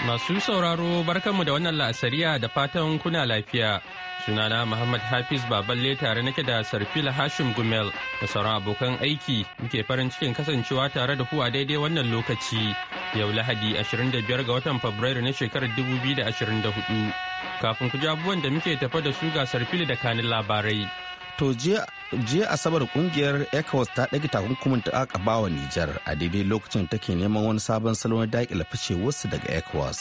Masu sauraro barkanmu da wannan la'asariya da fatan kuna lafiya. Sunana Muhammad Hafiz Baballe tare nake da Sarfila Hashim Gumel da sauran abokan aiki muke farin cikin kasancewa tare da kuwa daidai wannan lokaci. Yau Lahadi 25 ga watan Fabrairu na shekarar 2024. Kafin ku ji da muke tafa da su ga sarfil da kanin labarai. to jiya asabar kungiyar ecowas ta ɗage takunkumin ta aka bawa nijar a daidai lokacin take neman wani sabon salon daƙila fice wasu daga ecowas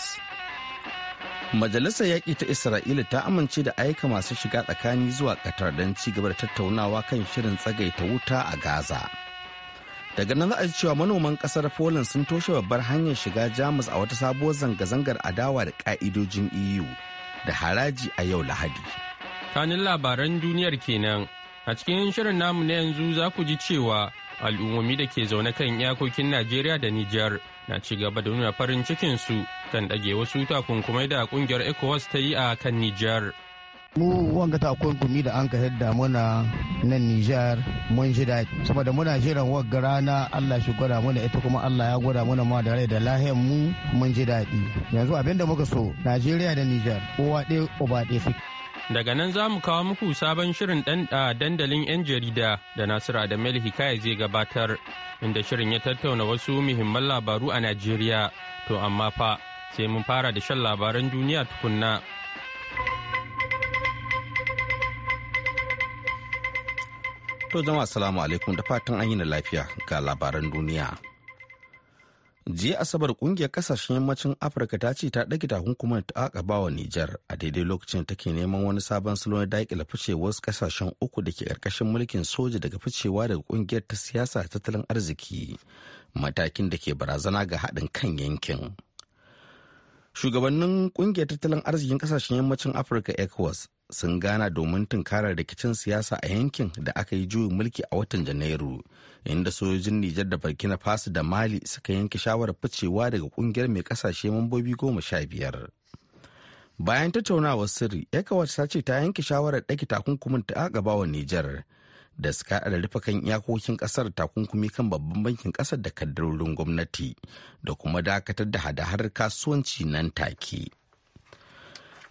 majalisar yaƙi ta isra'ila ta amince da aika masu shiga tsakani zuwa ƙatar don ci gaba da tattaunawa kan shirin tsagaita wuta a gaza daga nan za a cewa manoman kasar poland sun toshe babbar hanyar shiga jamus a wata sabuwar zanga-zangar adawa da ka'idojin eu da haraji a yau lahadi kanin labaran duniyar kenan A cikin shirin namu na yanzu za ku ji cewa al'ummomi da ke zaune kan iyakokin Najeriya da Nijar na ci gaba da nuna farin cikin su kan ɗage wasu takunkumai da kungiyar ECOWAS ta yi a kan Nijar. mu wanga da an ka yadda muna nan Nijar mun ji saboda muna jiran wagga rana Allah shi gwada mana ita kuma Allah ya gwada mana ma da rai da lahiyar mu mun ji daɗi yanzu abinda muka so Najeriya da Nijar kowa ɗaya uba ɗaya Daga nan za mu kawo muku sabon shirin ɗan dandalin 'yan jarida da Nasiru Adamel Hikaya zai gabatar, inda shirin ya tattauna wasu muhimman labaru a Najeriya. To amma fa sai mun fara da shan labaran duniya tukunna. To jama'a salamu alaikum da fatan an yi na lafiya ga labaran duniya. jiya asabar kungiyar kasashen yammacin afirka ta ce ta ɗage da ta akaba wa nijar a daidai lokacin take neman wani sabon salo na daƙila ficewar kasashen uku da ke ƙarƙashin mulkin soja daga ficewa daga kungiyar ta siyasa tattalin arziki matakin da ke barazana ga haɗin kan yankin shugabannin kungiyar tattalin arzikin kasashen yammacin afirka ecowas sun gana domin tunkarar rikicin siyasa a yankin da aka yi juyin mulki a watan janairu inda sojojin nijar da burkina faso da mali suka yanke shawarar ficewa daga kungiyar mai kasashe mambobi goma sha biyar bayan tattaunawar sirri ecowas ta ce ta yanke shawarar ɗaki takunkumin ta agaba wa nijar da suka da rufe kan iyakokin kasar takunkumi kan babban bankin kasar da kaddarorin gwamnati da kuma dakatar da hada-hadar kasuwanci nan take.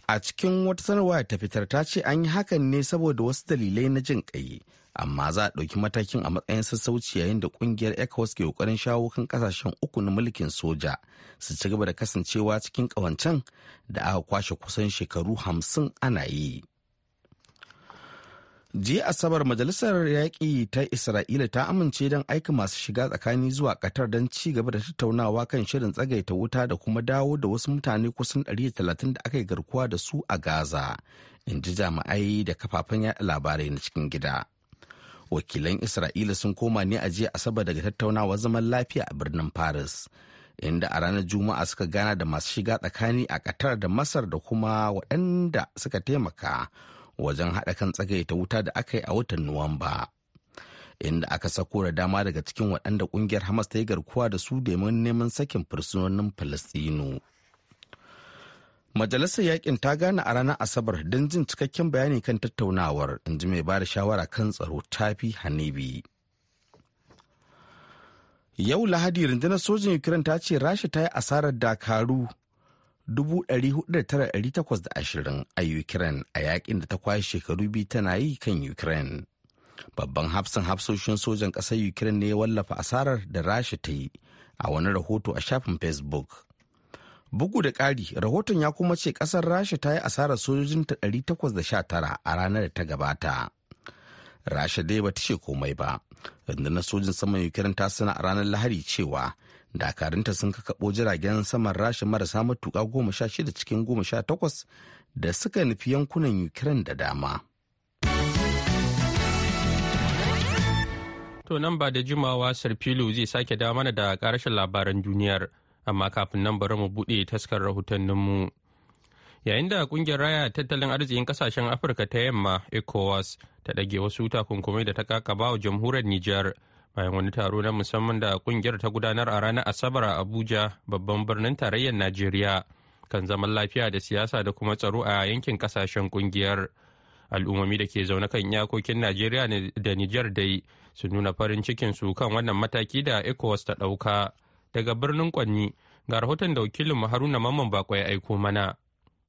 a cikin wata sanarwa ta fitar ta ce an yi hakan ne saboda wasu dalilai na jin ƙai amma za a ɗauki matakin a matsayin sassauci yayin da ƙungiyar ecowas ke ƙoƙarin shawo kan ƙasashen uku na mulkin soja su ci gaba da kasancewa cikin ƙawancen da aka kwashe kusan shekaru hamsin ana yi jiya asabar majalisar yaƙi ta isra'ila ta amince don aika masu shiga tsakani zuwa qatar don ci gaba da tattaunawa kan shirin tsagaita wuta da kuma dawo da wasu mutane kusan 130 da aka yi garkuwa da su a gaza in ji jami'ai da kafafen yaɗa labarai na cikin gida wakilan isra'ila sun koma ne a jiya asabar daga tattaunawa zaman lafiya a birnin paris inda a ranar juma'a suka gana da masu shiga tsakani a qatar da masar da kuma waɗanda suka taimaka wajen haɗa kan ta wuta da aka yi a watan Nuwamba. Inda aka sako da dama daga cikin waɗanda ƙungiyar Hamas ta yi garkuwa da su domin neman sakin fursunonin Falastinu. Majalisar yakin ta gane a ranar Asabar don jin cikakken bayani kan tattaunawar, in ji mai bada shawara kan tsaro tafi Hanibi. Yau Lahadi rundunar sojin Ukraine ta ce Rasha ta yi asarar dakaru ashirin a Ukraine a yakin da ta kwashe shekaru biyu tana yi kan Ukraine. Babban hafsan hafsoshin sojan ƙasar Ukraine ne ya wallafa asarar da Rasha ta yi a wani rahoto a shafin Facebook. Bugu da ƙari, rahoton ya kuma ce ƙasar Rasha ta yi asarar sojojinta 819 a ranar da ta gabata. Rasha dai ba ta ce komai ba. Rundunar sojin saman Ukraine ta sana a ranar Lahadi cewa dakarunta sun kakaɓo jiragen saman rasha marasa matuka goma sha shida cikin goma sha takwas da suka nufi yankunan ukraine da dama to nan ba da jimawa sarfilo zai sake da mana da ƙarashin labaran duniyar amma kafin nan bari mu bude taskar rahotanninmu yayin da kungiyar raya tattalin arzikin kasashen afirka ta yamma ecowas ta ɗage wasu takunkumai da ta kakaba wa jamhuriyar niger bayan wani taro na musamman da kungiyar ta gudanar a ranar asabar a abuja babban birnin tarayyar najeriya kan zaman lafiya da siyasa da kuma tsaro a yankin kasashen kungiyar al'ummomi da ke zaune kan iyakokin najeriya da nijar dai su nuna farin cikin su kan wannan mataki da ecowas ta ɗauka daga birnin kwanni ga rahoton da wakilinmu haruna mamman bakwai aiko mana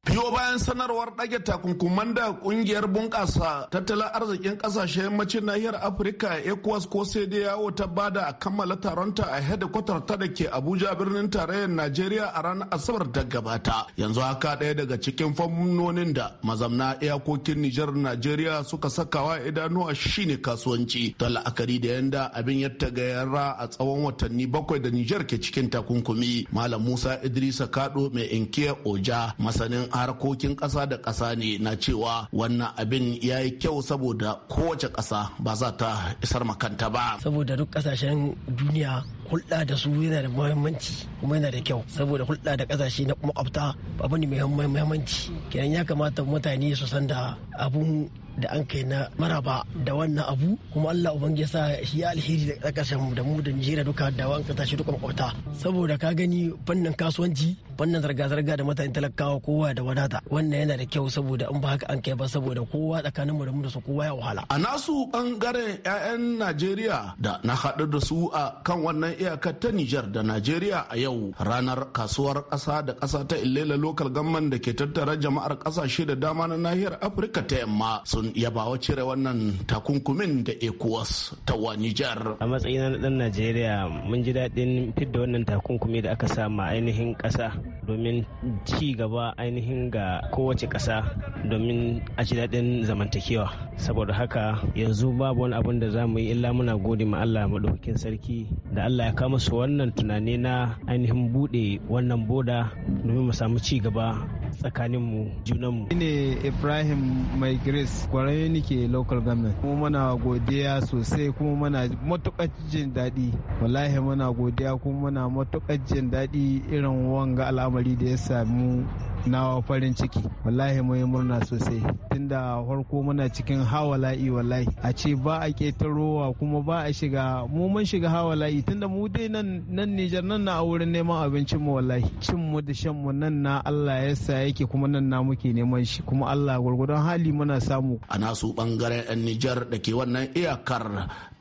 biyo bayan sanarwar ɗage takunkuman da ƙungiyar bunƙasa tattalin arzikin ƙasashen yammacin nahiyar afirka ecowas ko sai dai yawo ta bada a kammala taronta a hedikwatar ta da ke abuja birnin tarayyar najeriya a ranar asabar da gabata yanzu haka ɗaya daga cikin famnonin da mazamna iyakokin nijar najeriya suka sakawa idanuwa shine kasuwanci ta la'akari da yanda abin ya tagayyara a tsawon watanni bakwai da nijar ke cikin takunkumi malam musa idrisa kado mai inkiya oja masanin harkokin ƙasa da ƙasa ne na cewa wannan abin ya yi kyau saboda kowace ƙasa ba za ta isar makanta ba. Saboda duk ƙasashen duniya hulɗa da su yana da muhimmanci kuma yana da kyau saboda hulɗa da ƙasashe na makwabta abu ne mai muhimmanci kenan ya kamata mutane su san da abun da an kai na maraba da wannan abu kuma Allah ubangiji sa shi ya alheri da kasashen da mu da Nijeriya duka da wanka tashi duka makwabta saboda ka gani fannin kasuwanci fannin zarga-zarga da mutane talakawa kowa da wadata wannan yana da kyau saboda in ba haka an kai ba saboda kowa tsakanin mu da mu da su kowa ya wahala a nasu bangaren 'ya'yan Najeriya da na haɗu da su a kan wannan iyakar ta Nijar da Najeriya a yau ranar kasuwar kasa da kasa ta Ilela Local Government da ke tattara jama'ar kasashe da dama na nahiyar Afirka ta yamma sun yabawa cire wannan takunkumin da ecowas ta wa nijar a matsayin na dan najeriya mun ji daɗin fidda wannan takunkumi da aka sama ainihin ƙasa domin ci gaba ainihin ga kowace ƙasa domin a ji daɗin zamantakewa saboda haka yanzu babu wani abin da za mu yi illa muna gode ma allah maɗaukakin sarki da allah ya kama su wannan tunani na ainihin buɗe wannan boda domin mu samu ci gaba tsakaninmu junanmu. ne Ibrahim Mai Grace kwarai nike local government kuma muna godiya sosai kuma muna matuƙar jin daɗi wallahi muna godiya kuma muna matuƙar jin daɗi irin wanga al'amari da ya samu na farin ciki wallahi mun yi murna sosai tunda farko muna cikin hawala'i wallahi a ce ba a ketarowa kuma ba a shiga mu mun shiga hawala'i tunda mu dai nan Nijar nan na a wurin neman abincin mu wallahi cin mu da shan mu nan na Allah ya sa yake kuma nan na muke neman shi kuma Allah gurgudan hali muna samu a nasu bangaren yan Nijar da ke wannan iyakar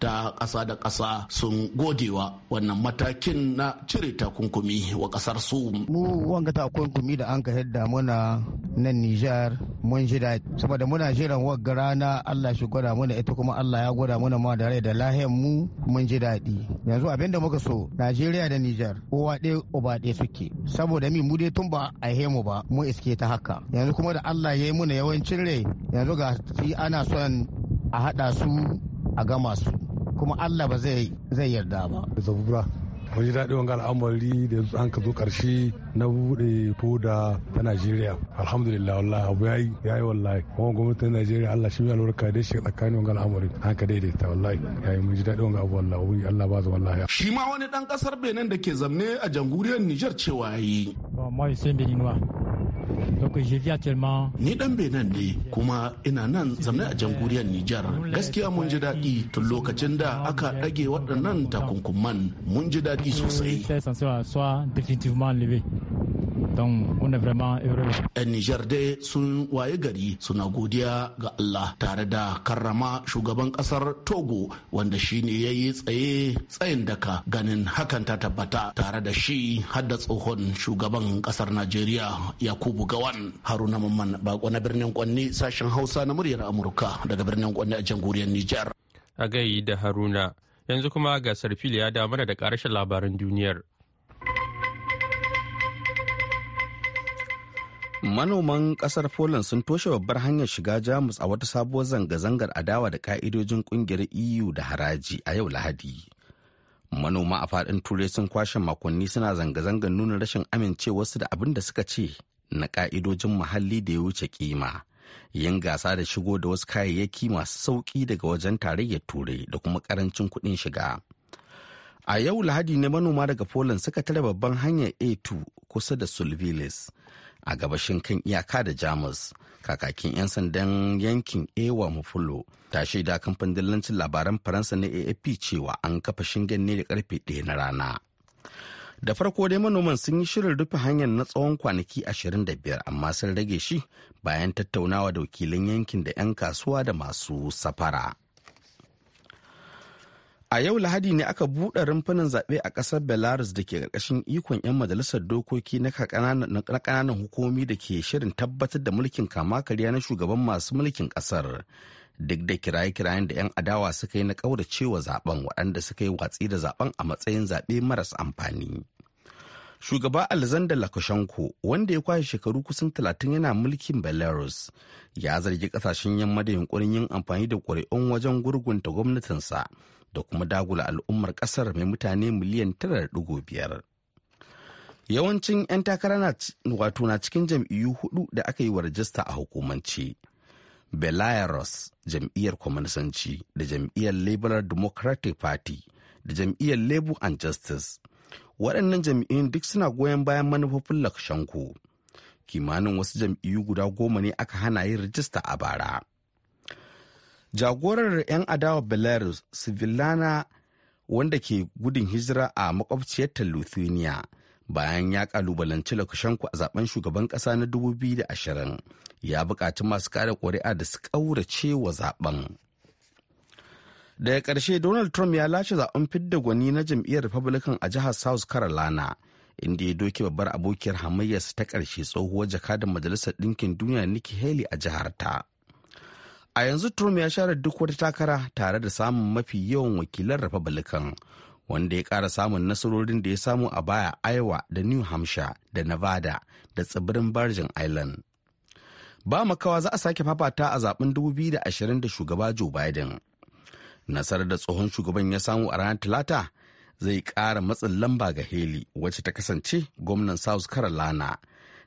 ta ƙasa da ƙasa sun godewa wannan matakin na cire takunkumi wa ƙasar su. Mu wanga takunkumi da an ka yadda muna nan Nijar mun ji daɗi. Saboda muna jiran wagga rana Allah shi gwada mana ita kuma Allah ya gwada mana ma da rai da lahiyar mu mun ji daɗi. Yanzu abin muka so Najeriya da Nijar kowa ɗaya uba ɗaya suke. Saboda mi mu dai tun ba a mu ba mu iske ta haka. Yanzu kuma da Allah ya yi muna yawancin rai yanzu ga ana son a haɗa su a gama su. kuma Allah ba zai yarda ba. Zabura. mun ji daɗi wanga al'amari da yanzu an ka zo ƙarshe na buɗe foda ta najeriya alhamdulillah wallahi abu ya yi ya yi wallahi kuma gwamnatin najeriya allah shi mai albarka da shi tsakanin wanga al'amari an ka daidaita wallahi ya yi mun ji daɗi wanga abu wallahi allah ba za wallahi. shi ma wani ɗan ƙasar benin da ke zamne a jamhuriyar nijar cewa ya yi. ba mai sai benin ba Ni dan Benin ne kuma ina nan zaune a jamhuriyar Nijar. Gaskiya mun ji daɗi tun lokacin da aka ɗage waɗannan takunkuman mun ji daɗi sosai. don on vrema yan Nijar dai sun waye gari suna godiya ga Allah tare da karrama shugaban kasar Togo wanda shi ne ya yi tsaye tsayin daka ganin hakan ta tabbata tare da shi hadda tsohon shugaban kasar Najeriya Yakubu Gawan Haruna Mamman bako na birnin Kwanni sashen Hausa na muryar Amurka daga birnin Kwanni a jamhuriyar Nijar a gayi da Haruna yanzu kuma ga Sarfil ya damar da ƙarshen labaran duniyar. Manoman kasar Poland sun toshe babbar hanyar shiga Jamus a wata sabuwar zanga-zangar adawa da ka'idojin kungiyar EU da haraji a yau Lahadi. Manoma a faɗin Turai sun kwashe makonni suna zanga-zangar nuna rashin amincewarsu da abin da suka ce na ka'idojin muhalli da ya wuce kima. Yin gasa da shigo da wasu kayayyaki masu sauƙi daga wajen tarayyar Turai da kuma ƙarancin kuɗin shiga. A yau Lahadi ne manoma daga Poland suka tare babban hanyar A2 kusa da Sulvilis. a gabashin kan iyaka da jamus kakakin 'yan sandan yankin ewa mufulo ta shaida kamfan dillancin labaran faransa na afp cewa an kafa shingen ne da karfe ɗaya na rana da farko dai manoman sun yi shirin rufe hanyar na tsawon kwanaki 25 amma sun rage shi bayan tattaunawa da wakilan yankin da 'yan kasuwa da masu safara. A yau Lahadi ne aka buɗe rumfunan zaɓe a ƙasar Belarus da ke ƙarƙashin ikon 'yan majalisar dokoki na ƙananan hukumomi da ke shirin tabbatar da mulkin kama karya na shugaban masu mulkin ƙasar. Duk da kiraye-kirayen da 'yan adawa suka yi na ƙauracewa zaben waɗanda suka yi watsi da zaben a matsayin zaɓe maras amfani. shugaba alexander lukashenko wanda ya kwashe shekaru kusan talatin yana mulkin belarus ya zargi kasashen yamma da yunkurin yin amfani da ƙuri'un wajen gurgunta gwamnatinsa da kuma dagula al'ummar kasar mai mutane miliyan da biyar. yawancin 'yan takara wato na cikin jam'iyyu hudu da aka yi wa rajista a hukumance belarus jam'iyyar kwamansanci da jam'iyyar liberal democratic party da jam'iyyar labour and justice waɗannan jam'iyyun duk suna goyon bayan manufofin lakshanku kimanin wasu jam'iyyu guda goma ne aka hana yin rajista a bara jagorar 'yan adawa belarus sivilana wanda ke gudun hijira a makwabciyar lithuania bayan ya kalubalanci lakushanku a zaben shugaban kasa na 2020 ya bukaci masu kare kuri'a da su ƙaurace wa zaben. Daga ƙarshe Donald Trump ya lashe zaben fidda gwani na jam'iyyar Republican a jihar South Carolina inda ya doke babbar abokiyar hamayyarsa ta ƙarshe tsohuwar jakadan Majalisar Ɗinkin Duniya Nikki Haley a jihar ta. a yanzu trump ya share duk wata takara tare da samun mafi yawan wakilan republican wanda ya ƙara samun nasarorin da ya samu a baya iowa da new hampshire da nevada da tsibirin virgin island ba makawa za a sake fafata a zaben 2020 da shugaba joe biden nasarar da tsohon shugaban ya samu a ranar talata zai ƙara matsin lamba ga haley wacce ta kasance gwamnan south carolina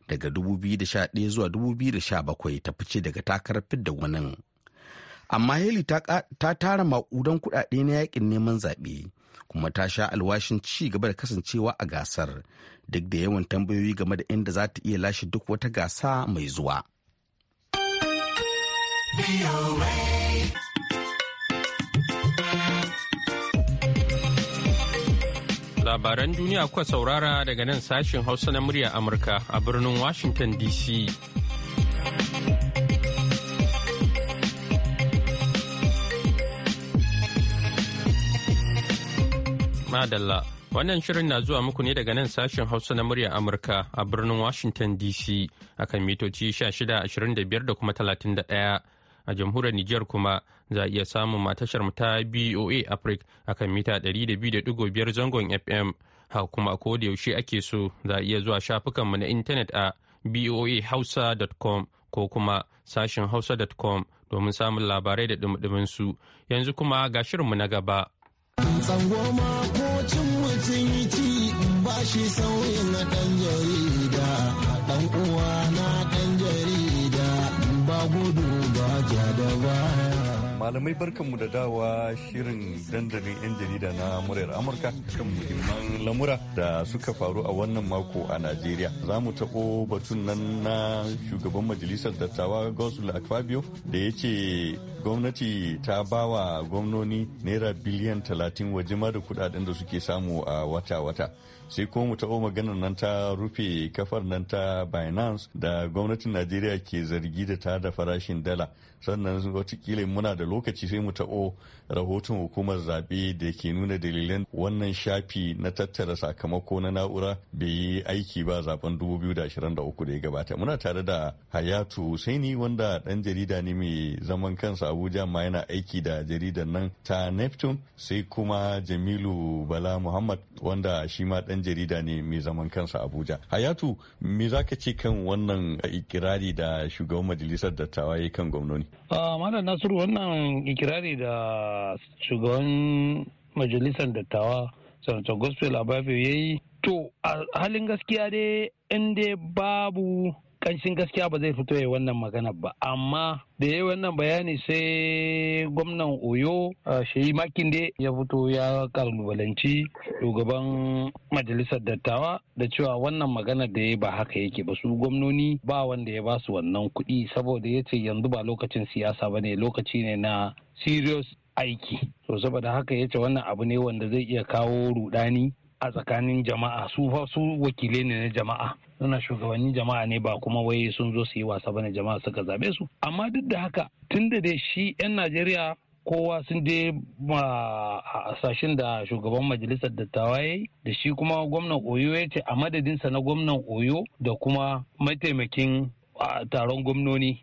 daga 2011 zuwa 2017 ta fice daga takarar fidda wanin. amma haley ta tara maƙudan kuɗaɗe na yakin neman zaɓe kuma ta sha alwashin ci gaba da kasancewa a gasar duk da yawan tambayoyi game da inda za ta iya lashe duk wata gasa mai zuwa. Labaran duniya kuka saurara daga nan sashin Hausa na murya Amurka a birnin Washington DC. Madalla, wannan shirin na zuwa muku ne daga nan sashen Hausa na murya Amurka a birnin Washington DC a kan mitoci 1625 da kuma 31. A jamhuriyar Nijar kuma za a iya samun matashar ta BOA Africa kan mita 200.5 zangon FM. Ha kuma ko da yaushe ake so za a iya zuwa shafukanmu na intanet a boahausa.com ko kuma sashen hausa.com domin samun labarai da dumudumin su. Yanzu kuma ga shirinmu na gaba. tsangwama ko cin mutunci ba shi sauyin na ɗan jarida ɗan uwa na ɗan jarida ba gudu ba ja da Malamai barkanmu da dawa shirin dandalin 'yan jarida na muryar Amurka kan muhimman lamura da suka faru a wannan mako a Najeriya. Za mu taɓo batun nan na shugaban majalisar dattawa Gosul Akfabio da ya ce gwamnati ta bawa gwamnoni naira biliyan talatin wajima da kudaden da suke samu a wata-wata. sai kuma mu taɓo maganar nan ta rufe kafar nan ta binance da gwamnatin najeriya ke zargi da ta da farashin dala sannan watakila muna da lokaci sai mu taɓo rahoton hukumar zaɓe da ke nuna dalilan wannan shafi na tattara sakamako na na'ura bai yi aiki ba zaben 2023 da ya gabata muna tare da hayatu husaini wanda dan jarida ne mai zaman kansa abuja ma yana aiki da jaridar nan ta neptune sai kuma jamilu bala muhammad wanda shi ma ɗan jarida ne mai zaman kansa Abuja. Hayatu, me za ka ce kan wannan ikirari da shugaban majalisar dattawa ya kan gwamnoni? Ah, Malam Nasiru wannan ikirari da shugaban majalisar dattawa sanatar Gospel abafi ya yi to a halin gaskiya dai in dai babu kanshin gaskiya ba zai fito ya wannan magana ba amma da ya wannan bayani sai gwamnan oyo ah, shayi makinde ya fito ya kalubalanci shugaban majalisar dattawa da cewa wannan magana da ya ba haka yake ba su gwamnoni ba wanda ya ba su wannan kuɗi saboda ya ce yanzu ba lokacin siyasa ba ne lokaci ne na serious aiki so saboda haka ya ce wannan abu ne wanda zai iya kawo rudani a tsakanin jama'a su fa su wakilai ne na jama'a suna shugabannin jama'a ne ba kuma wai sun zo su yi wasa bane jama'a suka zabe su amma duk da haka tun da dai shi 'yan najeriya kowa sun je a sashen da shugaban majalisar dattawa ya yi da shi kuma gwamnan oyo ya ce a madadinsa na gwamnan oyo da kuma mataimakin taron gwamnoni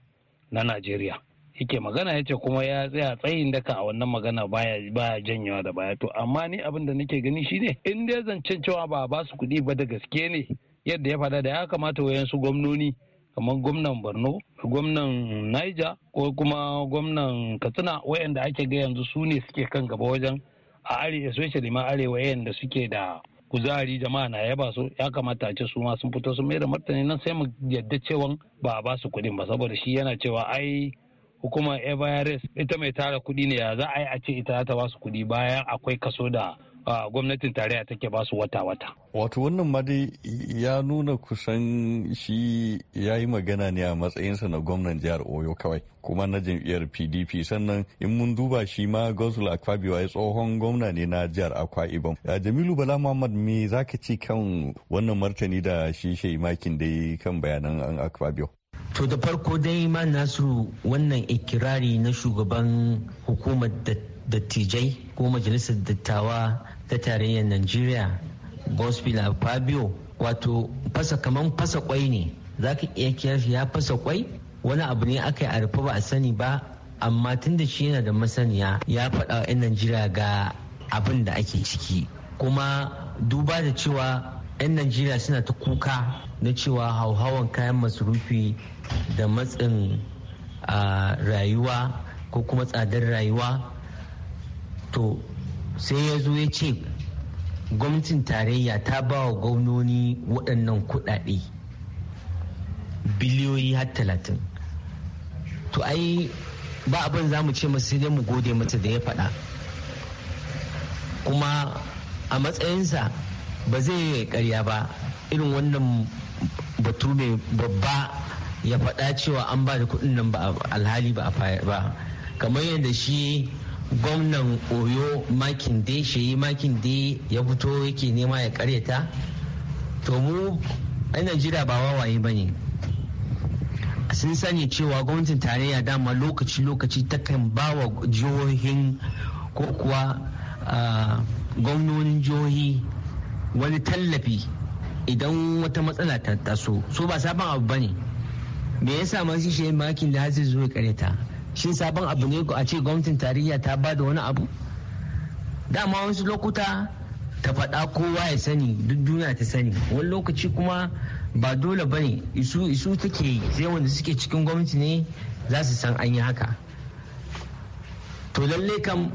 na najeriya yake magana ya ce kuma ya tsaya tsayin daka a wannan magana baya baya janyewa da baya to amma ni abin da nake gani shine in dai zancen cewa ba ba su kuɗi ba da gaske ne yadda ya faɗa da ya kamata wayansu gwamnoni kamar gwamnan borno gwamnan niger ko kuma gwamnan katsina wayanda ake ga yanzu su ne suke kan gaba wajen a arewa especially ma arewa wayanda suke da kuzari jama'a na yaba su ya kamata a ce su ma sun fito sun mai da martani nan sai mu yadda cewa ba a ba su kuɗin ba saboda shi yana cewa ai hukumar everest ita mai tara kuɗi ne ya za a yi a ce ita za ta ba su kuɗi bayan akwai kaso da gwamnatin tarayya take basu wata-wata. Wato wannan ma dai ya nuna kusan shi ya yi magana ne a matsayinsa na gwamnan jihar Oyo kawai kuma na jam'iyyar PDP sannan in mun duba shi ma Gosul Akpabio ya tsohon gwamna ne na jihar Akwa Ibom. Jamilu Bala Muhammad me zaka ci kan wannan martani da shi Shaimakin dai kan bayanan an Akpabio? To da farko dai ma Nasiru wannan ikirari na shugaban hukumar dattijai ko majalisar dattawa ta tarayyar Najeriya Gospel Fabio wato fasa kaman fasa kwai ne za ka iya kiyarsa ya fasa kwai wani abu ne aka yi a rufe ba a sani ba amma tun da shi yana da masaniya ya faɗa wa 'yan Najeriya ga abin da ake ciki kuma duba da cewa 'yan Najeriya suna ta kuka na cewa hauhawan kayan masarufi da matsin ah, rayuwa ko kuma tsadar rayuwa to sai ya zo ya ce gwamnatin tarayya ta ba wa gwamnoni waɗannan kuɗaɗe biliyoyi har talatin to ai ba abin za mu ce masu sai mu gode mata da ya faɗa kuma a matsayinsa ba zai yi karya ba irin wannan batu mai babba ya faɗa cewa an ba da kuɗin nan ba alhali ba a ba kamar yadda shi gwamnan oyo makinde makin makinde ya fito yake nema ya karyata to mu a najeriya ba wawaye ba ne sun sani cewa gwamnatin tarayya dama lokaci-lokaci takan ba wa jihohin ko kuwa gwamnonin jihohi wani tallafi idan wata matsala ta taso so ba sabon abu ba ne me yasa masu shi makin da hasi zuwa zo ya karyata shin sabon abu ne a ce gwamnatin tarayya ta ba da wani abu dama wasu lokuta ta faɗa kowa ya sani duk duniya ta sani wani lokaci kuma ba dole ba ne isu isu take yi sai wanda suke cikin gwamnati ne za su san an yi haka to lalle kam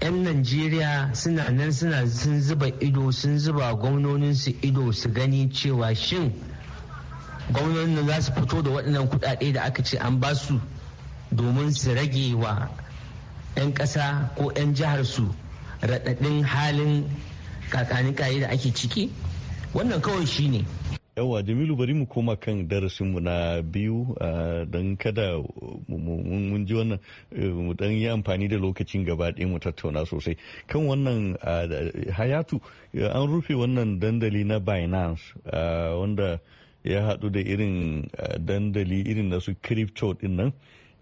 'yan najeriya suna nan suna sun zuba ido sun zuba gwamnoninsu ido su gani cewa shin gwamnonin za su fito da waɗannan kuɗaɗe da aka ce an ba su domin su rage wa 'yan ƙasa ko 'yan jihar su raɗaɗin halin kakanikaye da ake ciki wannan kawai shi ne yawa jamilu bari mu koma kan darasinmu na biyu don kada mun ji wannan eh, mu dan yi amfani da lokacin gaba ɗaya mu tattauna sosai kan wannan hayatu an rufe wannan dandali na binance wanda ya haɗu da irin dandali irin na su crypto din nan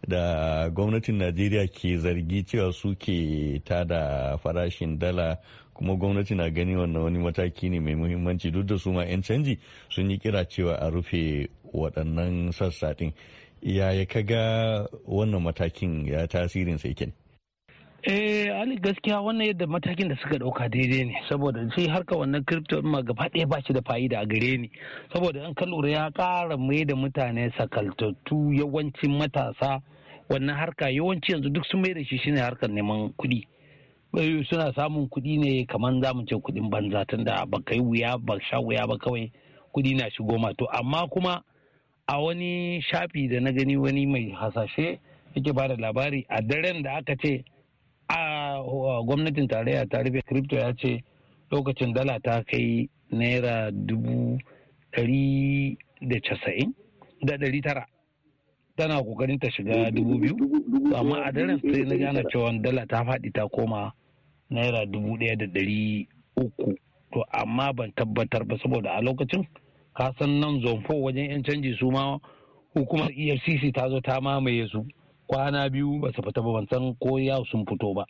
da gwamnatin najeriya ke zargi cewa suke tada farashin dala kuma gwamnati na gani wannan wani mataki ne mai muhimmanci duk da su ma 'yan canji sun yi kira cewa a rufe waɗannan sassa ɗin ya ka ga wannan matakin ya tasirin sai ken eh ali gaskiya wannan yadda matakin da suka dauka daidai ne saboda sai harka wannan crypto ma gaba ɗaya ba shi da fa'ida a gare ni saboda an kalura ya ƙara mai da mutane sakaltattu yawancin matasa wannan harka yawanci yanzu duk sun maida shi shine harkar neman kuɗi eh, suna samun kuɗi ne kamar zamu ce kuɗin banza da ba kai wuya ba sha wuya ba kawai kuɗi na shigo ma to amma kuma a wani shafi da na gani wani mai hasashe yake ba da labari a daren da aka ce a gwamnatin tarayya ta rufe crypto ya ce lokacin dala ta kai naira dubu ɗari da casa'in da ɗari tara tana kokarin ta shiga dubu biyu amma a daren sai na gane cewa dala ta faɗi ta koma naira dubu ɗaya da ɗari uku to amma ban tabbatar ba saboda a lokacin ka san nan zonfo wajen yan canji su ma hukumar efcc ta zo ta mamaye su kwana biyu ba su fita ba ban san ko ya sun fito ba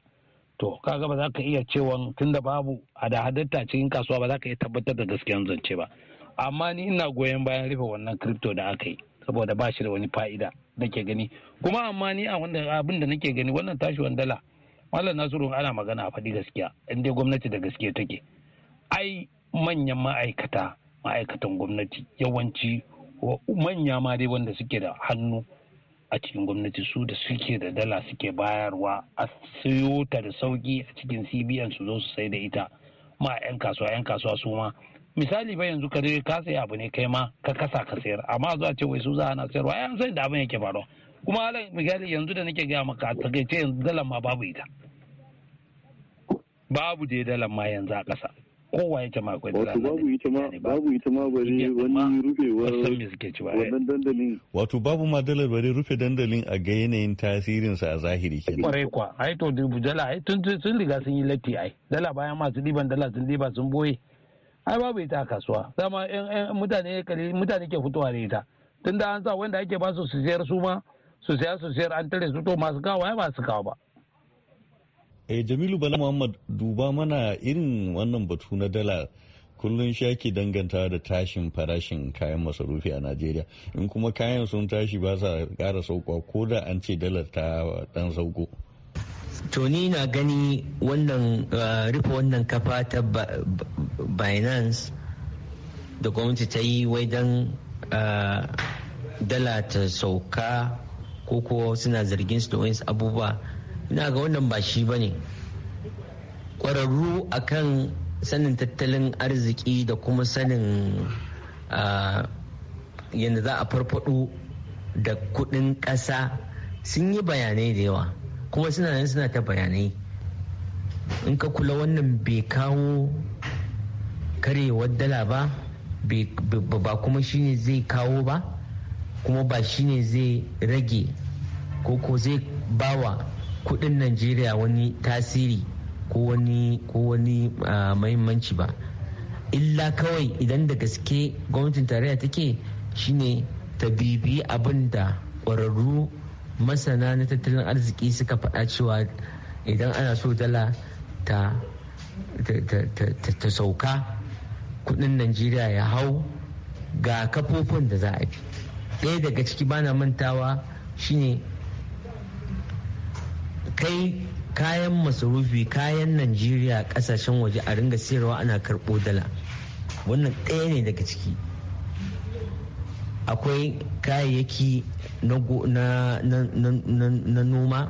to kaga ba za ka iya cewa tunda babu a hada hadarta cikin kasuwa ba za ka iya tabbatar da gaskiyan zance ba amma ni ina goyon bayan rufe wannan crypto da aka yi saboda ba shi da wani fa'ida ke gani kuma amma ni a wanda abin da nake gani wannan tashi dala malam nasiru ana magana a faɗi gaskiya in dai gwamnati da gaske take ai manyan ma'aikata ma'aikatan gwamnati yawanci manya ma dai wanda suke da hannu a cikin gwamnati su da suke da dala suke bayarwa a siyo ta da sauki a cikin cbn su zo su sai da ita ma 'yan kasuwa 'yan kasuwa su ma misali ba yanzu ka je ka sayi abu ne kai ma ka kasa ka sayar amma zuwa ce wai su za ana sayar wa yan sai da abin yake faruwa kuma halin misali yanzu da nake gaya maka a ce yanzu dalan ma babu ita babu dai dalan ma yanzu a ƙasa kowa ya ma akwai dalan babu ita ma babu ita ma bare wani rufewar eh. wannan dandalin wato babu ma dalar bare rufe dandalin a ga yanayin tasirin sa a zahiri kenan kwarai kwa ai to dala ai tun tun riga sun yi latti ai dala bayan masu diban dala sun diba sun boye ai babu ita a kasuwa dama mutane mutane ke fitowa da ita tun da an sa wanda ake ba su su siyar su ma su siya su siyar an tare su to masu kawo ai ba su kawo ba eh jamilu bala muhammad duba mana irin wannan batu na dala kullum ake danganta da tashin farashin kayan masarufi a najeriya in kuma kayan sun tashi ba sa kara sauka ko da an ce dalar ta dan sauko to ni na gani wannan uh, rufe wannan kafa ta binance da gwamnati ta yi wai don uh, dala ta sauka ko ko suna zargin su da wani abubuwa ina ga wannan ba shi ba ne ƙwararru a kan sanin tattalin arziki da kuma sanin uh, yadda za a farfado da kudin ƙasa sun yi bayanai da yawa kuma suna nan suna ta bayanai in ka kula wannan bai kawo karewar dala ba ba kuma shine zai kawo ba kuma ba shine zai rage ko ko zai bawa kudin najeriya wani tasiri ko wani ko mahimmanci ba illa kawai idan da gaske gwamnatin tarayya take shine ta bibi abin da ƙwararru masana na tattalin arziki suka faɗa cewa idan ana so dala ta sauka kudin najeriya ya hau ga kafofin da za a bi ɗaya daga ciki bana mantawa shine kai kayan masarufi kayan najeriya kasashen waje a ringa siyarwa ana karɓo dala wannan ɗaya ne daga ciki akwai kayayyaki na noma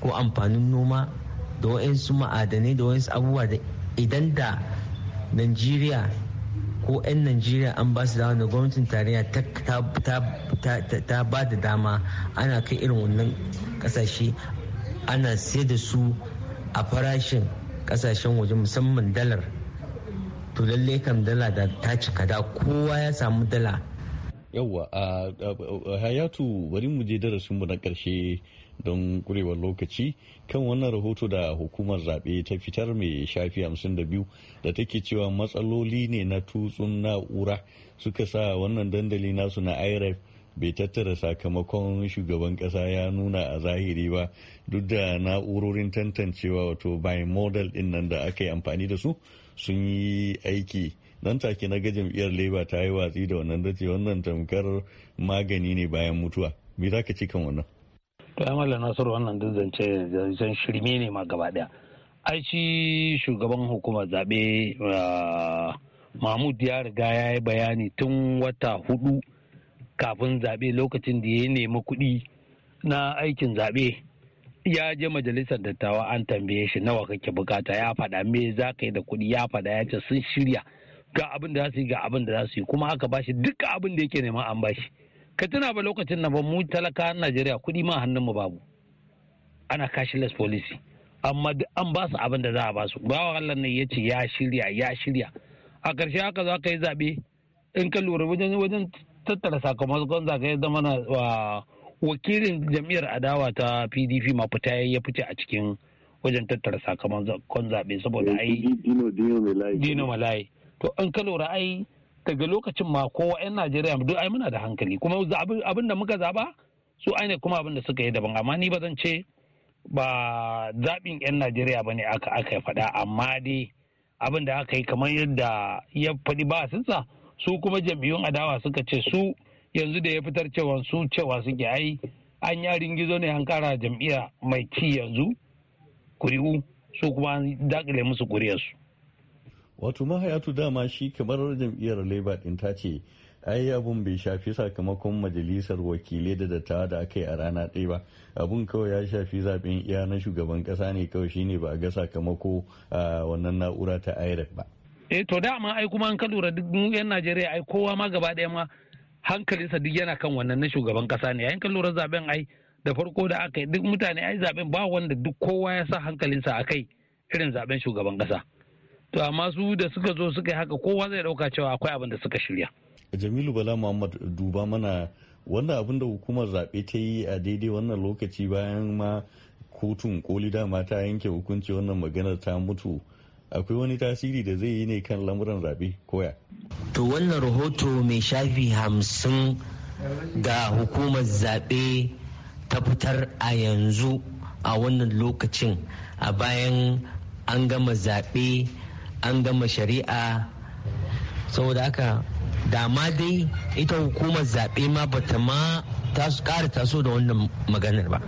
ko amfanin noma da wa'insu ma'adanai da wa'insu abubuwa da idan da Najeriya ko 'yan Najeriya an ba su dama da gwamnatin tarayya ta ba da dama ana kai irin wannan kasashe ana sai da su a farashin kasashen waje musamman dalar to lallai kam dala da ta cika da kowa ya samu dala yawwa a hayatu bari mu je darasin mu na karshe don kurewar lokaci kan wannan rahoto da hukumar zaɓe ta fitar mai shafi 52 da take cewa matsaloli ne na tutsun na'ura suka sa wannan dandali nasu na irf bai tattara sakamakon shugaban ƙasa ya nuna a zahiri ba duk da na'urorin tantancewa wato by model din nan da aka yi amfani da su sun yi aiki nan take na gajin biyar leba ta yi watsi da wannan dace wannan tamkar magani ne bayan mutuwa me za ka ci kan wannan to ai mallan nasiru wannan duk zance zancen shirme ne ma gaba daya ai shi shugaban hukumar zabe ah, mahmud ya riga ya yi bayani tun wata hudu kafin zabe lokacin da ya nemi kuɗi na aikin zabe ya je majalisar dattawa an tambaye shi nawa kake bukata ya faɗa me za ka yi da kuɗi ya faɗa ya ce sun shirya ga abin da za su yi ga abin da za su yi kuma aka bashi duka abin da yake nema an bashi ka tuna ba lokacin na ba mu talaka najeriya kuɗi ma hannun mu babu ana cashless policy amma an ba su abin da za a ba su bawa Allah ne ya ce ya shirya ya shirya a ƙarshe haka za ka yi zaɓe in ka lura wajen wajen tattara sakamakon za ka yi zama na wakilin jam'iyyar adawa ta pdp ma fita ya fice a cikin wajen tattara sakamakon zaɓe saboda eh, ai dino malayi to an ka ra'ayi daga lokacin ma kowa 'yan najeriya duk ai muna da hankali kuma abin da muka zaba su aine kuma abin da suka yi daban amma ni ba ce ba zaɓin 'yan najeriya ba ne aka aka faɗa amma dai abin da aka yi kamar yadda ya faɗi ba sinsa su kuma jam'iyyun adawa suka ce su yanzu da ya fitar cewa su cewa suke ai an yarin gizo ne an kara jam'iyya mai ci yanzu kuri'u su kuma an dakile musu kuri'arsu wato mahayatu dama shi kamar jam'iyyar labour din ta ce ai abun bai shafi sakamakon majalisar wakilai da dattawa da aka yi a rana ɗaya ba abun kawai ya shafi zaben iya na shugaban ƙasa ne kawai shine ba a ga sakamako a wannan na'ura ta irec ba eh to ma ai kuma an ka lura duk yan najeriya ai kowa ma gaba ɗaya ma hankalinsa duk yana kan wannan na shugaban kasa ne yayin ka lura zaben ai da farko da aka yi duk mutane ai zaben ba wanda duk kowa ya sa hankalinsa a kai irin zaben shugaban ƙasa. to amma su da suka zo suka yi haka kowa zai dauka cewa akwai abin da suka shirya jamilu bala muhammad duba mana wannan abin da hukumar zaɓe ta yi a daidai wannan lokaci bayan ma kotun koli dama ta yanke hukunci wannan maganar ta mutu akwai wani tasiri da zai yi ne kan lamuran zaɓe koya to wannan rahoto mai shafi hamsin ga hukumar zaɓe ta fitar a yanzu a wannan lokacin a bayan an gama zaɓe an gama shari'a saboda haka dama dai ita hukumar zaɓe ma ta ma ƙara taso da wannan maganar ba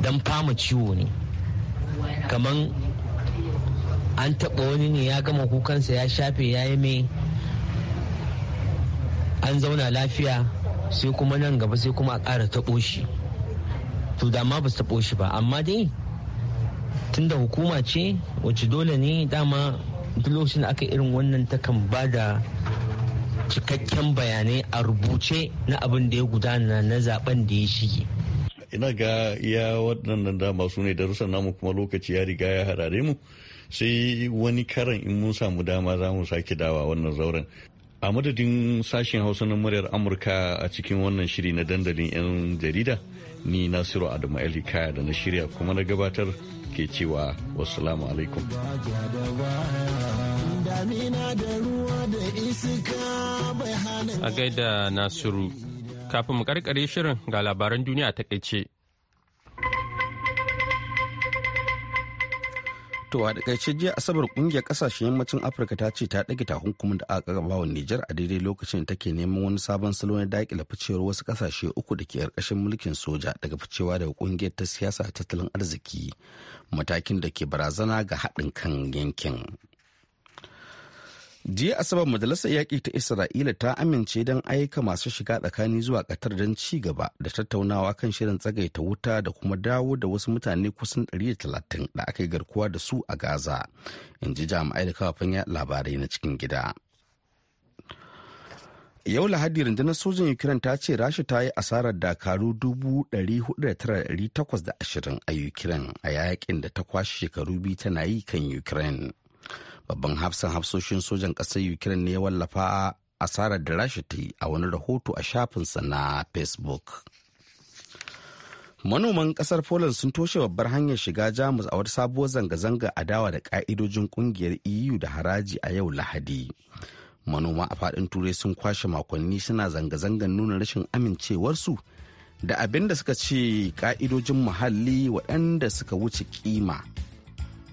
don fama ciwo ne Kaman an taɓa wani ne ya gama kukansa ya shafe ya yi mai an zauna lafiya sai kuma nan gaba sai kuma a ƙara taɓo shi to dama ba su taɓo shi ba amma dai tunda hukuma ce wacce dole ne dama duk lokacin da aka irin wannan takan ba da cikakken bayanai a rubuce na abin da ya gudana na zaben da ya shige ina ga ya waɗannan dama su ne darussan namu kuma lokaci ya riga ya harare mu sai wani karan in mun samu dama za mu sake dawa wannan zauren a madadin sashen hausa na muryar amurka a cikin wannan shiri na dandalin 'yan jarida ni nasiru adamu kaya da na shirya kuma na gabatar ke cewa wasu alaikum a gaida nasiru kafin mu karkare shirin ga labaran duniya ta takaice To a kaice jiya asabar kungiyar kasashen yammacin Afirka ta ce ta ɗage takunkumin da aka gaba wa Nijar a daidai lokacin da take neman wani sabon salo na daƙile ficewar wasu kasashe uku da ke ƙarƙashin mulkin soja daga ficewa daga kungiyar ta siyasa tattalin arziki matakin da ke barazana ga haɗin kan yankin. jiya asabar majalisar yaƙi ta isra'ila ta amince don aika masu shiga tsakani zuwa ƙatar don ci gaba da tattaunawa kan shirin tsagaita wuta da kuma dawo da wasu mutane kusan 130 da aka yi garkuwa da su a gaza in ji jami'ai da kafafen labarai na cikin gida yau lahadi rundunar sojin ukraine ta ce rasha ta yi asarar dakaru 4,820 a ukraine a yakin da ta kwashe shekaru biyu tana yi kan ukraine babban hafsan hafsoshin sojan ƙasar ukraine ne ya wallafa asarar da rasha ta yi a wani rahoto a shafinsa na facebook manoman kasar poland sun toshe babbar hanyar shiga jamus a wata sabuwar zanga-zanga a dawa da ka'idojin kungiyar eu da haraji a yau lahadi manoma a fadin turai sun kwashe makonni suna zanga zangan nuna rashin amincewarsu da abin da suka ce ka'idojin muhalli waɗanda suka wuce kima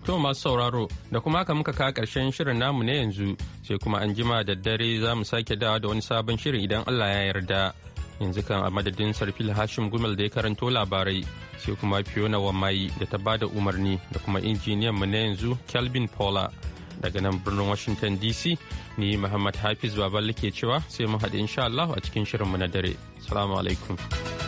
To masu sauraro da kuma haka muka kawo ƙarshen shirin namu na yanzu sai kuma an jima da dare za mu sake dawa da wani sabon shirin idan Allah ya yarda. Yanzu kan a madadin Sarfil Hashim Gumel da ya karanto labarai sai kuma Fiona Wamai da ta bada umarni da kuma injiniyan mu na yanzu Kelvin Paula. Daga nan birnin Washington DC ni Muhammad Hafiz Babal ke cewa sai mu haɗu insha Allah a cikin shirin mu na dare. Salamu alaikum.